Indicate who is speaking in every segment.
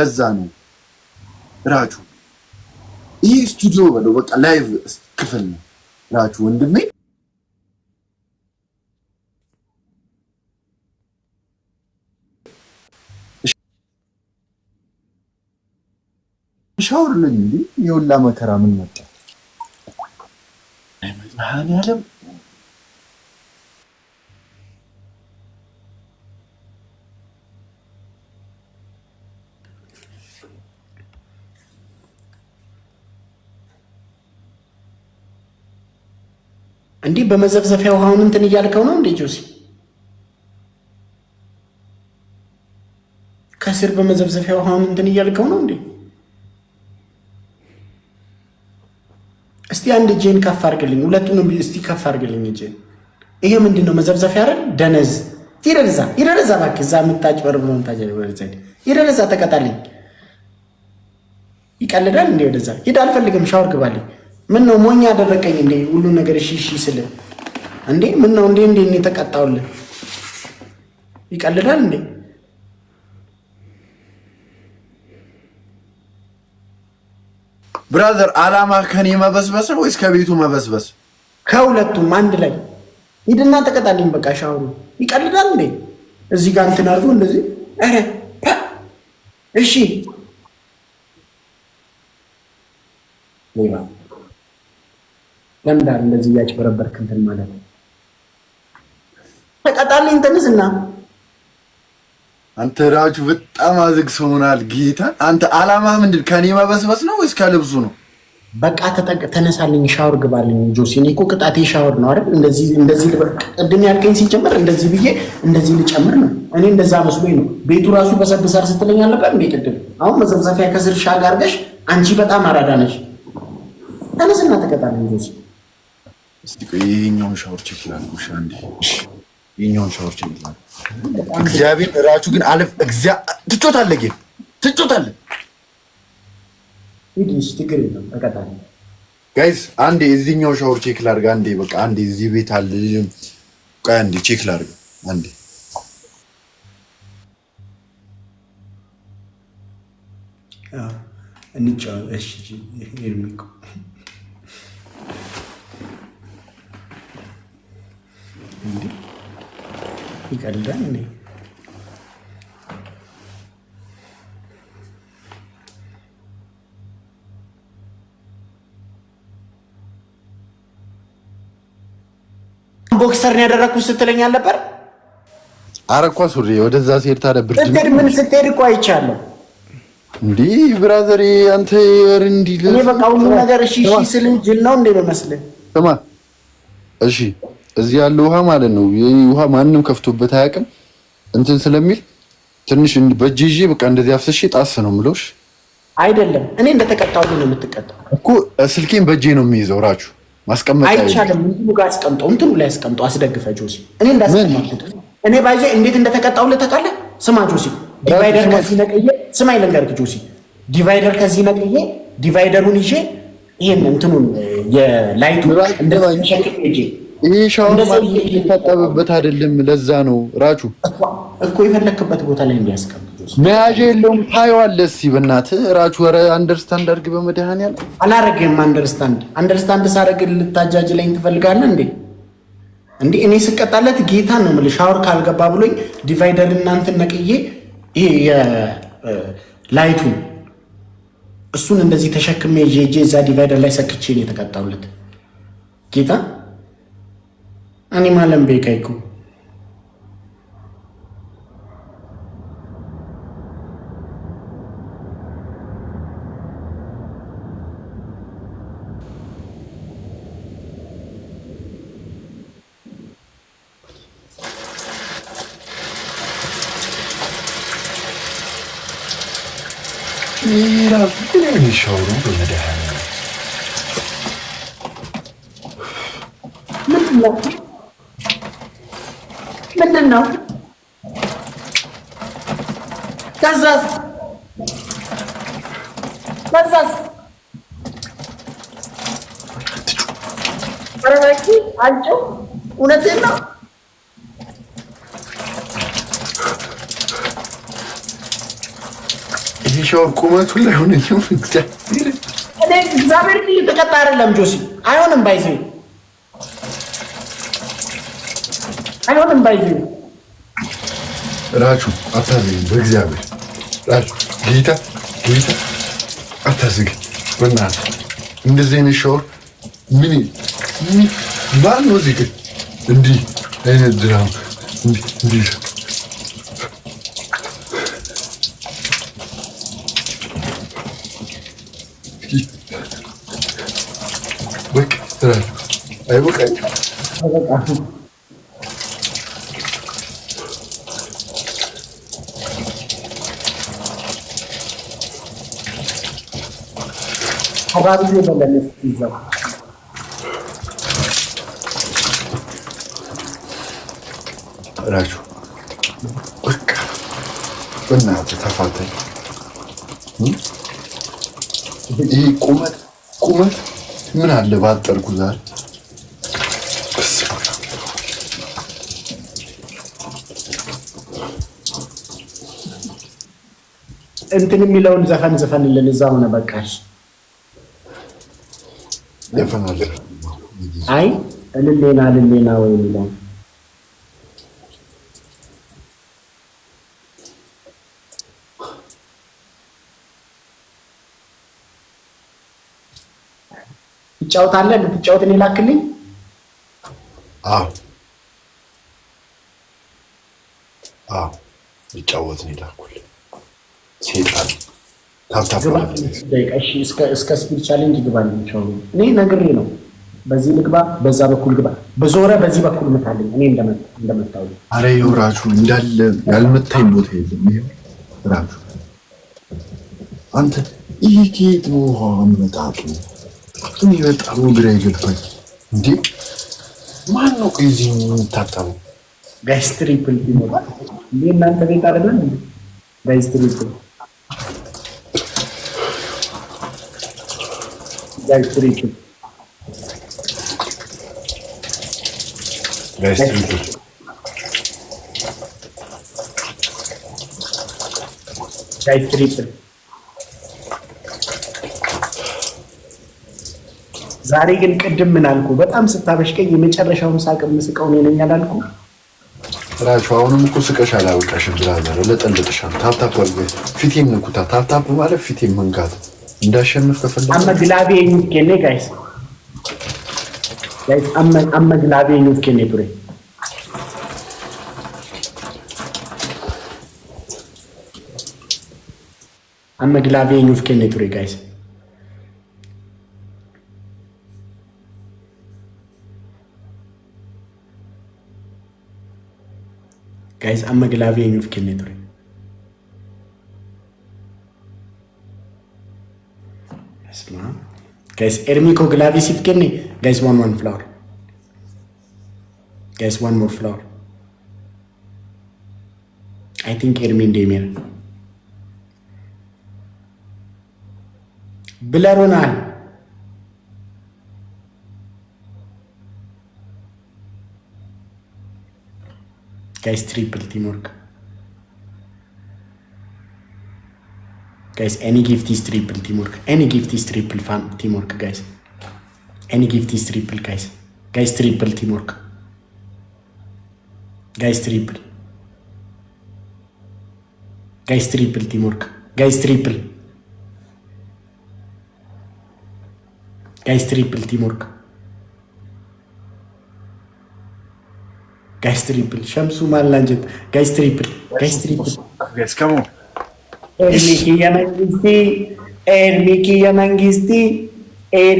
Speaker 1: ከዛ ነው ራቹ ይህ ስቱዲዮ በለው በቃ ላይቭ ክፍል ነው። ራቹ ወንድሜ ለኝ እንዲ የወላ መከራ ምን መጣ? እንዲህ በመዘፍዘፊያ ውሃውን እንትን እያልከው ነው እንዴ ጆሲ? ከስር በመዘፍዘፊያ ውሃውን እንትን እያልከው ነው እንዴ? እስቲ አንድ እጄን ከፍ አድርግልኝ፣ ሁለቱንም እስቲ ከፍ አድርግልኝ እጄን። ይሄ ምንድን ነው? መዘፍዘፊያ አይደል? ደነዝ ይደረዛ፣ ይደረዛ፣ እባክህ እዛ የምታጭበርብረው የምታጭበርብረው ይደረዛ፣ ተቀጣልኝ። ይቀልዳል እንዴ? ወደዛ ሂድ፣ አልፈልግም፣ ሻወር ግባልኝ ምን ነው ሞኝ አደረቀኝ እንዴ? ሁሉ ነገር እሺ እሺ ስል እንዴ ምን ነው እንዴ እንዴ እኔ ተቀጣውል ይቀልዳል እንዴ?
Speaker 2: ብራዘር አላማ ከኔ መበስበስ ነው ወይስ ከቤቱ መበስበስ?
Speaker 1: ከሁለቱም አንድ ላይ ሂድና ተቀጣልኝ። በቃ ሻውሩ ይቀልዳል እንዴ? እዚህ ጋር እንትን አድርጎ እንደዚህ አረ እሺ ለምዳር እንደዚህ እያጭበረበርክ እንትን ማለት ነው። ተቀጣልኝ እንትንስና
Speaker 2: አንተ ራጁ በጣም አዝግ ሰው ጌታ አንተ አላማ ምንድን ከኔ መበስበስ ነው ወይስ ከልብሱ ነው?
Speaker 1: በቃ ተጠቅ ተነሳልኝ፣ ሻወር ግባልኝ። ጆሲ እኔ እኮ ቅጣቴ ሻወር ነው አይደል? እንደዚህ እንደዚህ ቅድም ያልከኝ ሲጨምር እንደዚህ ብዬ እንደዚህ ልጨምር ነው። እኔ እንደዛ መስሎኝ ነው። ቤቱ ራሱ በሰብሳር ስትለኝ አልነበር እንዴ ቅድም? አሁን መዘብዘፊያ ከስር ሻግ አድርገሽ አንቺ በጣም አራዳ ነሽ። ተነስና ተቀጣልኝ ጆሲ
Speaker 2: እስቲ ሻወር ቼክ ይላል። እሺ አንዴ ሻወር ቼክ ይላል። እግዚአብሔር ግን አለፍ እግዚአ ትጮታለህ፣ ግን ትጮታለህ። ጋይስ አንዴ እዚህኛው ሻወር ቼክ ላድርግ። አንዴ በቃ አንዴ እዚህ ቤት አለ። ቆይ አንዴ ቼክ ላድርግ አንዴ እንጫወት። እሺ
Speaker 1: እንዲህ ይቀልዳል እንዴ? ቦክሰር ነው ያደረኩት ስትለኝ አልነበር?
Speaker 2: አረ እኮ ሱሪ ወደዛ ሲሄድ ታዲያ
Speaker 1: ብርድ ምን ስትሄድ እኮ አይቻለሁ።
Speaker 2: እንዲህ ብራዘር አንተ
Speaker 1: በቃ ሁሉ ነገር እሺ እሺ ጅል ነው እንዴ በመስልህ?
Speaker 2: ስማ እሺ እዚህ ያለ ውሃ ማለት ነው። ውሃ ማንም ከፍቶበት አያውቅም። እንትን ስለሚል ትንሽ በእጅ ይዤ በቃ እንደዚህ አፍስሼ ጣስ ነው ምለሽ።
Speaker 1: አይደለም እኔ እንደተቀጣሁ ነው የምትቀጣው
Speaker 2: እኮ። ስልኬን በእጄ ነው የሚይዘው። ራቹ
Speaker 1: ማስቀመጥ አይቻልም። እንትኑ ጋር አስቀምጠው፣ እንትኑ ላይ አስቀምጠው፣ አስደግፈ ጆሲ። እኔ እንዳስቀመጥኩት እኔ ባይዘ እንዴት እንደተቀጣሁ ለተቃለ ስማ ጆሲ፣ ዲቫይደር ከዚህ ነቅዬ፣ ስማ ይለንገርክ ጆሲ፣ ዲቫይደር ከዚህ ነቅዬ፣ ዲቫይደሩን ይዤ ይሄን እንትኑን የላይቱ
Speaker 2: እንደዚህ ይሄ ሻወር የሚታጠብበት አይደለም። ለዛ ነው ራቹ
Speaker 1: እኮ የፈለክበት ቦታ ላይ እንዲያስቀምጥ
Speaker 2: መያዣ የለውም። ታየዋለህ። እስኪ በእናትህ ራቹ ኧረ አንደርስታንድ አድርግ። በመድኃኒዓለም
Speaker 1: አላረግህም። አንደርስታንድ አንደርስታንድ ሳረግ ልታጃጅ ላይ ትፈልጋለህ እንዴ? እንዴ እኔ ስቀጣለት ጌታ ነው የምልህ። ሻወር ካልገባ ብሎኝ ዲቫይደር እናንተ ነቅዬ ይሄ የላይቱን እሱን እንደዚህ ተሸክሜ ጄጄ እዛ ዲቫይደር ላይ ሰክቼ ነው የተቀጣሁለት ጌታ animalen beekayku
Speaker 2: ራሱ ግን የሚሻውሩ በመድኃኒዓለም
Speaker 1: ምንድን ነው? ምንድን ነው? ከዛስ ከዛስ አረባኪ አንጮ እውነትህን ነው።
Speaker 2: ይሻው ቁመቱ ላይ ሆነ እኔ
Speaker 1: እግዚአብሔር እየተቀጣ አይደለም ጆሲ አይሆንም ባይዘው አይሆንም። ባይዚ
Speaker 2: ራቹ አታዝኝ፣ በእግዚአብሔር ራቹ ጌታ ጌታ አታዝግ። በእናትህ እንደዚህ አይነት ሻወር ምን ማን ነው ዚህ ግን እንዲህ አይነት ድራማ እንዲህ በቃ خبرني بلا نستيزا راجو بكا بنا تتفاتي ايه كومت كومت من على بعد ترقزار
Speaker 1: انت نمي لون زفن زفن اللي نزامنا بكاش አይ እልሌና እልሌና ወይ የሚለው ትጫወታለህ? እንድትጫወት እኔ ላክልኝ።
Speaker 2: አዎ አዎ፣ ይጫወት እኔ ላኩልኝ። ሴጣን
Speaker 1: እስከ ስፒድ ቻሌንጅ ግባ እኔ ነግሬ ነው። በዚህ ልግባ፣ በዛ በኩል ግባ፣ በዞረ በዚህ በኩል ምታለኝ። እኔ እንደመታው
Speaker 2: አረ ይኸው ራሱ እንዳለ ያልመታኝ ቦታ የለም። ይኸው ራሱ አንተ ይህ ጌጥ ውሃ መጣጡ እኔ በጣም ግራ የገባኝ እንዴ፣ ማን ነው ከዚህ የሚታጠቡ
Speaker 1: ጋይስትሪፕል ይሞላል እንዴ እናንተ ቤት አደለ ጋይስትሪፕል ዛሬ ግን ቅድም ምን አልኩ? በጣም ስታበሽቀኝ የመጨረሻውን ሳቅ የምስቀው እኔ ነኝ አላልኩ?
Speaker 2: ራሹ አሁንም እኮ ስቀሻል፣ አያውቃሽም ብላ ለጠልጥሻል። ታፕታፕ ፊቴም ንኩታ። ታፕታፕ ማለት ፊቴም መንካት እንዳሸንፍ
Speaker 1: ከፈለግ አመግላቢ የሚስኬኔ ጋይስ ጋይስ አመግላቢ የሚስኬኔ ቱሬ አመግላቢ የሚስኬኔ ቱሬ ጋይስ ጋይስ አመግላቢ የሚስኬኔ ቱሬ Guys, Ermico Glavis if kidney. Guys, one one flower. Guys, one more flower. I think Ermin Demir. ብለሩናል። ጋይስ ትሪፕል ቲምወርክ Guys, any gift is triple teamwork. Any gift is triple fun teamwork, guys. Any gift is triple, guys. Guys, triple teamwork. Guys, triple. Guys, triple teamwork. Guys, triple. Guys, triple teamwork. Guys, triple. Shamsu Malanjet. Guys, triple. Guys, triple. Guys, come on. ኤርሚኪየ መንግስቲ ኤርሚኪየ መንግስቲ ኤር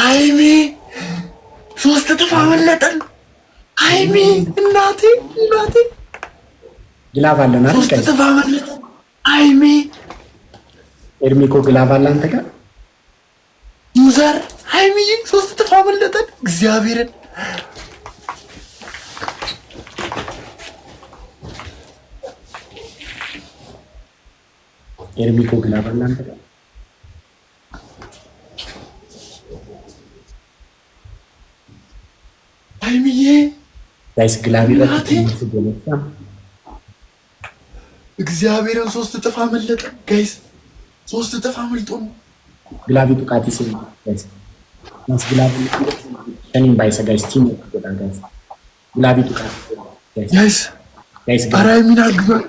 Speaker 1: ሀይሚ ሶስት ጥፋ አመለጠን። ሀይሚ እናቴ እናቴ ግላቭ አለን አይደል? ሶስት ጥፋ አመለጠን። ሀይሚ ኤርሚኮ ግላቭ አለ አንተ ጋር ሙዘር ሀይሚዬ ሶስት ጥፋ አመለጠን። እግዚአብሔርን ኤርሚኮ ግን አበላን ብለ ሃይሚዬ ጋይስ ግላቢ እግዚአብሔርን ሶስት እጥፍ አመለጠ። ጋይስ ሶስት እጥፍ አመልጦ ነው ግላቢ ጡቃት ይስ ጋይስ ግላቢ ሸኒም ባይሰ ጋይስ ቲም ጋይስ ግላቢ ጡቃት ጋይስ ጋይስ ጋይስ ጋይስ ጋይስ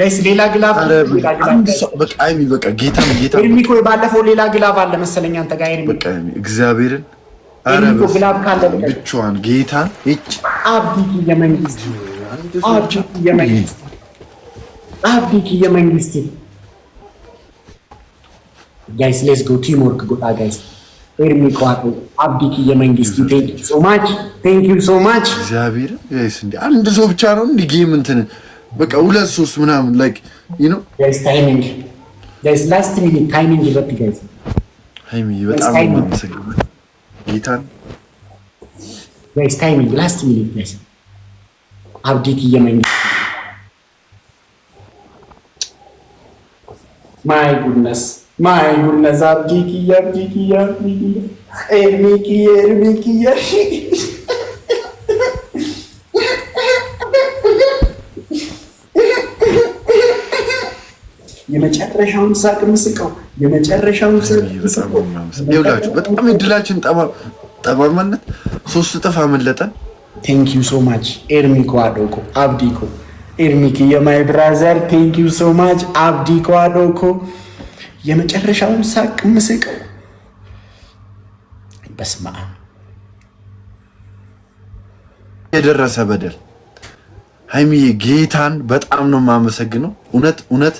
Speaker 1: ጋይስ ሌላ ግላፍ
Speaker 2: አይሚ በቃ ጌታ
Speaker 1: ጌታ ኤርሚኮ ባለፈው ሌላ ግላፍ አለ መሰለኝ አንተ ጋር ኤርሚ
Speaker 2: በቃ እግዚአብሔርን
Speaker 1: ኤርሚኮ ግላፍ ካለ
Speaker 2: ብቻዋን ጌታ
Speaker 1: እጭ አብዲኪ የመንግስት አብዲኪ የመንግስት አብዲኪ የመንግስት ጋይስ ሌትስ ጎ ቲም ጎጣ ጋይስ ኤርሚኮ አቶ አብዲኪ የመንግስት ቴንክ ዩ ሶ ማች ቴንክ ዩ ሶ ማች
Speaker 2: እግዚአብሔርን ጋይስ እንደ አንድ ሰው ብቻ ነው እንደ ጌም እንትን በቃ ሁለት ሶስት ምናምን ላይክ ዩ ኖ ታይሚንግ በጣም ነው ጌታን
Speaker 1: ታይሚንግ ላስት ሚኒት ጋይስ አብዲት ማይ ጉድነስ ማይ ጉድነስ አብዲት ያብዲት ያብዲት ኤርሚኪ ኤርሚኪ ያሺ የመጨረሻውን ሳቅ ምስቀው የመጨረሻውን
Speaker 2: ይውላችሁ። በጣም እድላችን ጠማማነት ሶስት እጥፍ አመለጠን።
Speaker 1: ቴንክ ዩ ሶ ማች ኤርሚኮ አዶኮ አብዲኮ ኤርሚክ የማይ ብራዘር ቴንክ ዩ ሶ ማች አብዲኮ አዶኮ የመጨረሻውን ሳቅ ምስቀው በስማ
Speaker 2: የደረሰ በደል ሀይሚዬ ጌታን በጣም ነው የማመሰግነው እውነት እውነት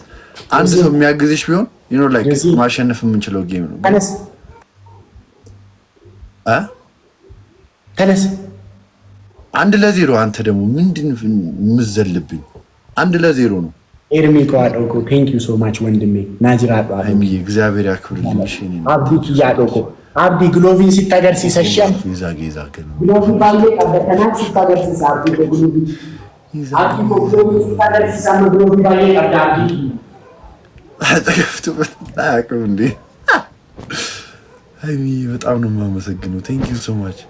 Speaker 2: አንድ ሰው የሚያግዝሽ ቢሆን ዩኖ ላይክ ማሸነፍ የምንችለው ጌም ነው። ተነስ ተነስ፣ አንድ ለዜሮ አንተ ደግሞ ምንድን የምዘልብኝ? አንድ ለዜሮ ነው።
Speaker 1: ኤርሚ ከዋደኮ ቴንክ ዩ ሶ ማች ወንድሜ። እግዚአብሔር አብዲክ አብዲ ግሎቪን ሲታገር ሲሰሸም ባለ ቀበተናት ሲታገር ሲሳ አብዲ ሲታገር ሲሳ ባለ አብዲ
Speaker 2: ተገፍቶበት አያውቅም እንዴ? አይ በጣም ነው የማመሰግነው። ቴንክ ዩ ሶ ማች።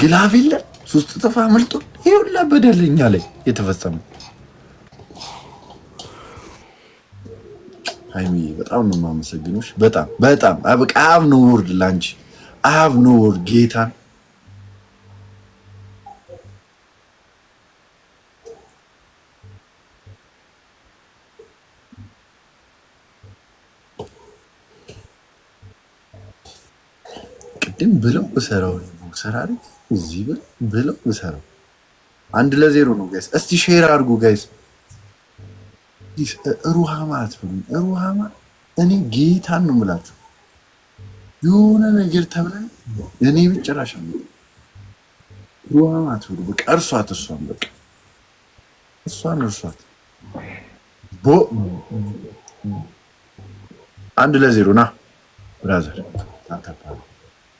Speaker 2: ግላፍ የለ ሶስት ጥፋ ምልጦ ይሄ ሁላ በደለኛ ላይ የተፈጸመው ሀይሚ በጣም ነው የማመሰግኖች። በጣም በጣም አብ ነው ወርድ ላንቺ አብ ነው ወርድ ጌታን ቅድም ብለው እሰራው ሰራ እዚህ ብለው እሰራው አንድ ለዜሮ ነው ጋይስ። እስቲ ሼር አድርጉ ጋይስ። ሩሃማ አትበሉኝ። ሩሃማ እኔ ጌታን ነው የምላችሁ። የሆነ ነገር ተብለን እኔ ብጨራሽ ነው። ሩሃማ አትበሉ በቃ። እርሷት፣ እሷን በቃ እሷን እርሷት። አንድ ለዜሮ ና ብራዘር።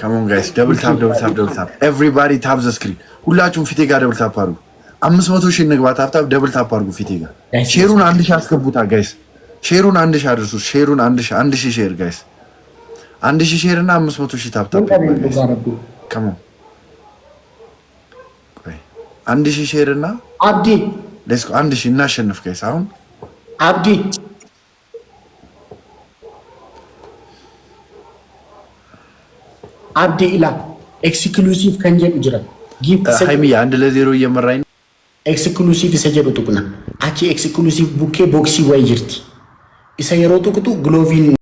Speaker 2: ከሞን ጋይስ ደብል ታፕ ደብል ኤቭሪባዲ ታፕ ዘ ሁላችሁም ፊቴ ጋር ደብል ታፕ አድርጉ። አምስት መቶ ሺህ እንግባ። ታፕ ደብል ታፕ አድርጉ ፊቴ ጋር። ሼሩን አንድ ሺህ አስገቡታ ጋይስ። ሼሩን አንድ ሺህ አድርሱ። ሼሩን አንድ ሺህ አንድ ሺህ ሼር ጋይስ። አንድ ሺህ ሼር እና አምስት መቶ ሺህ ታፕ ታፕ ጋይስ። አንድ ሺህ ሼር እና አብዲ ሌስ አንድ ሺህ እናሸንፍ ጋይስ አሁን
Speaker 1: አብዲ አብዴ ኢላ ኤክስክሉሲቭ ከንጀብ ጅራ
Speaker 2: ጊፍት አንድ ለዜሮ እየመራኝ
Speaker 1: ኤክስክሉሲቭ ሰጀበ ጡቅና አቺ ኤክስክሉሲቭ ቡኬ ቦክሲ ወይ ጅርቲ ኢሰየሮ ጡቅጡ ግሎቪን